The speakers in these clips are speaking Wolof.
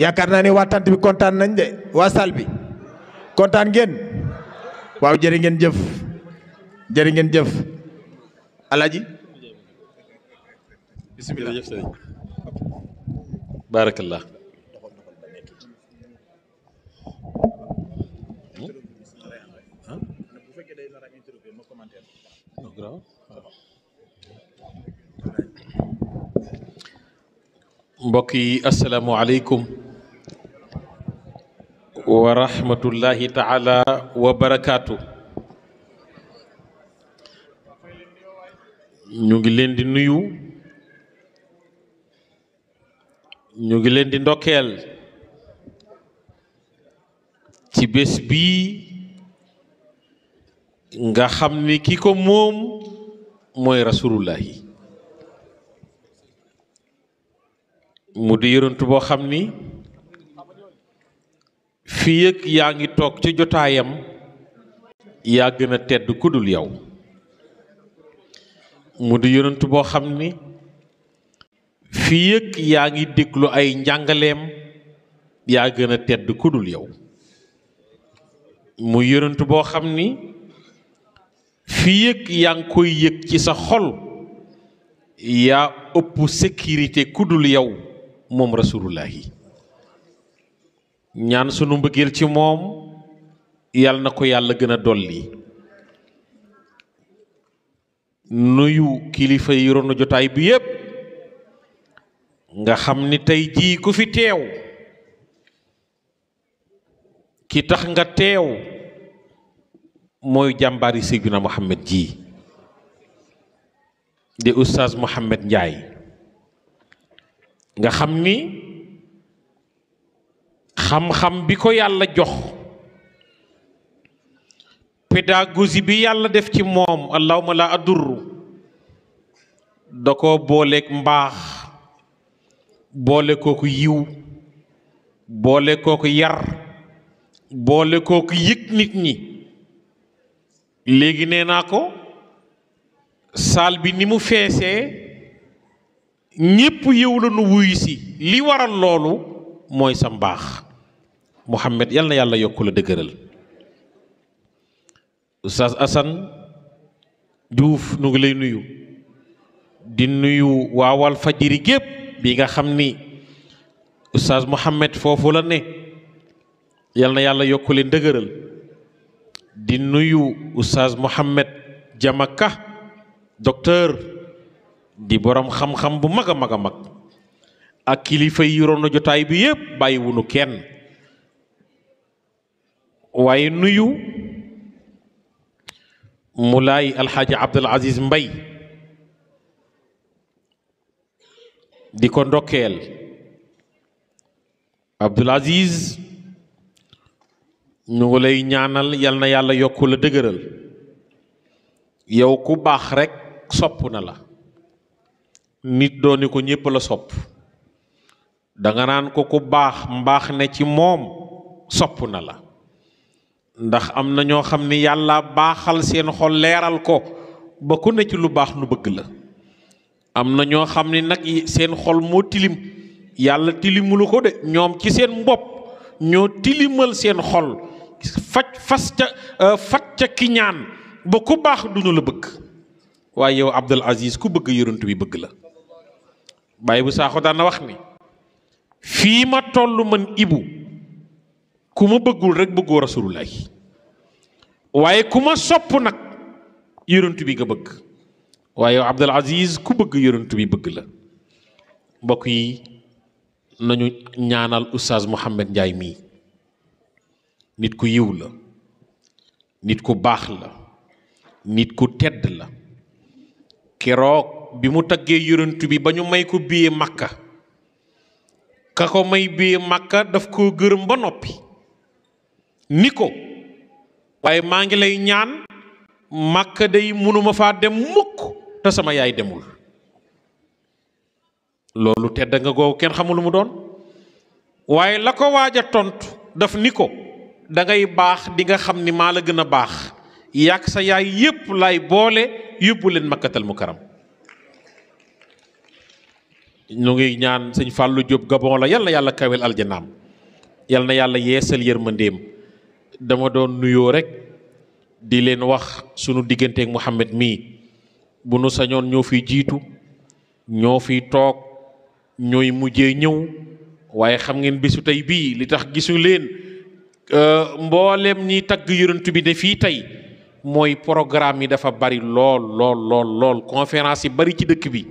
ya karena ni watan bi kontan nende wasalbi. kontaan ngeen waaw jërë ngeen jëf jërë jëf alaaji bismillah jërëjëf sëriñ baarakallah yi asalaamaaleykum wa rahmatullahi taala wa barakaatu ñu ngi leen di nuyu ñu ngi leen di ndokkeel ci bés bi nga xam ni ki ko moom mooy rasulullahi mu di yonentu boo xam ni fii ak yaa ngi toog ci jotaayam yaa gën a tedd kudul yow mu di yonent boo xam ni fii ak yaa ngi déglu ay njàngaleem yaa gën a tedd kudul yow mu yonent boo xam ni fii ak yaa ngi koy yëg ci sa xol yaa ëpp sécurité kudul yow moom rasulullah yi ñaan sunu mbëggeel ci moom yal na ko yàlla gën a dolli nuyu kilifa yi ronu jotaay bi yépp nga xam ni tey jii ku fi teew ki tax nga teew mooy jàmbaari Seydina Mohamed ji di oustaz Mohamed njaay nga xam ni xam-xam bi ko yàlla jox pédagogie bi yàlla def ci moom allahuma la adur da ko booleek mbaax boole kooku yiw boole kooku yar boole kooku yëg nit ñi léegi nee naa ko saal bi ni mu feesee ñépp yiw la nu wuy li waral loolu mooy sa mbaax Mouhamed yàlla na yàlla yokkule la dëgëral Oustaz Assane Diouf nu ngi lay nuyu di nuyu waawal fajiri gépp bi nga xam ni Oustaz Mouhamed foofu la ne yal na yàlla yokkule leen di nuyu Oustaz Mouhamed Jamaka docteur di borom xam-xam bu mag a mag a mag ak kilifa yi yoroon na jotaay bi yépp bàyyiwunu kenn waaye nuyu Moulay Alxaaji Abdul Aziz Mbay di ko ndokkeel Abdul Aziz ñu ngi lay ñaanal yal na yàlla yokku la dëgëral yow ku baax rekk sopp na la nit dooni ko ñépp la sopp da nga nan ko ku bax mbax ne ci mom sopp na la ndax am na ño xamni yalla baxal seen xol leeral ko ba ku ne ci lu bax nu bëgg la am na ño xamni nak nag seen xol mo tilim yalla tilimul ko de ñom ci seen mbop ño tilimal seen xol fac fas ca euh, fat ca ba ku du ñu la bëgg yow Abdul Aziz ku bëgg yonent bi bëgg la bàyyi bu saxo da na wax ni fii ma toll man ibu ku ma bëggul rekk bëggoo rasulullahi waaye ku ma sopp nag yonent bi nga bëgg waaye yow Abdul ku bëgg yonent bi bëgg la mbokk yi nañu ñaanal oustaz Mouhamed njaay mii nit ku yiw la nit ku baax la nit ku tedd la keroog bi mu taggee yonent bi ba ñu may ko biyee Makka ka ko may bii màkka daf koo gërëm ba noppi ni ko waaye maa ngi lay ñaan màkka day mënuma faa dem mukk te sama yaay demul loolu tedd nga googu kenn xamul lu mu doon waaye la ko waaj a tontu daf ni ko dangay baax di nga xam ni maa la gën a baax yàq sa yaay yépp laay boole yóbbu leen makkatal mukaram ñu ngi ñaan sëñ Fallou Diop Gabon la yal na yàlla kawel aljanaam yal na yàlla yeesal yërmandeem dama doon nuyoo rek di leen wax sunu digganteeg Mouhamed mii bu nu sañoon ñoo fi jiitu ñoo fi toog ñooy mujjee ñëw waaye xam ngeen bisu tey bii li tax gisu leen euh, mboolem ñi tagg yonent bi de fii tey mooy programme yi dafa bari lool lool lool lool conférence yi bari ci dëkk bi.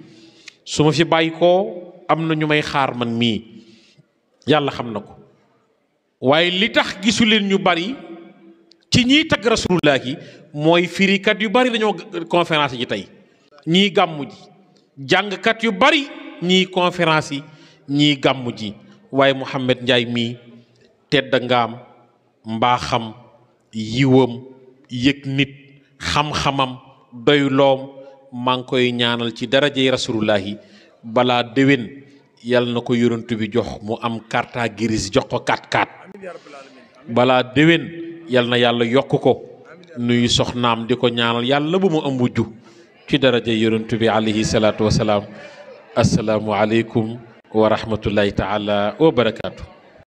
su ma fi bàyyi koo am na ñu may xaar man mii yàlla xam na ko waaye li tax gisu leen ñu bari ci ñiy tagg rasulullah mooy firikat yu bari dañoo conférence ji tey ñii gàmmu ji jàngkat yu bari ñii conférence yi ñii gàmmu ji waaye Mouhamed Ndiaye mii tedd mbaaxam yiwam yëg nit xam-xamam doyloom maa ngi koy ñaanal ci darajey rasulullahi balaa déwén yàlla na ko yonent bi jox mu am carte giris jox ko kat kat balaa déwén yàlla na yàlla yokk ko nuyu soxnaam di ko ñaanal yàlla bu mu am wujju ci darajey yonent bi alayhi salaatu wasalaam asalaamualeykum wa rahmatullahi taala wa barakaatu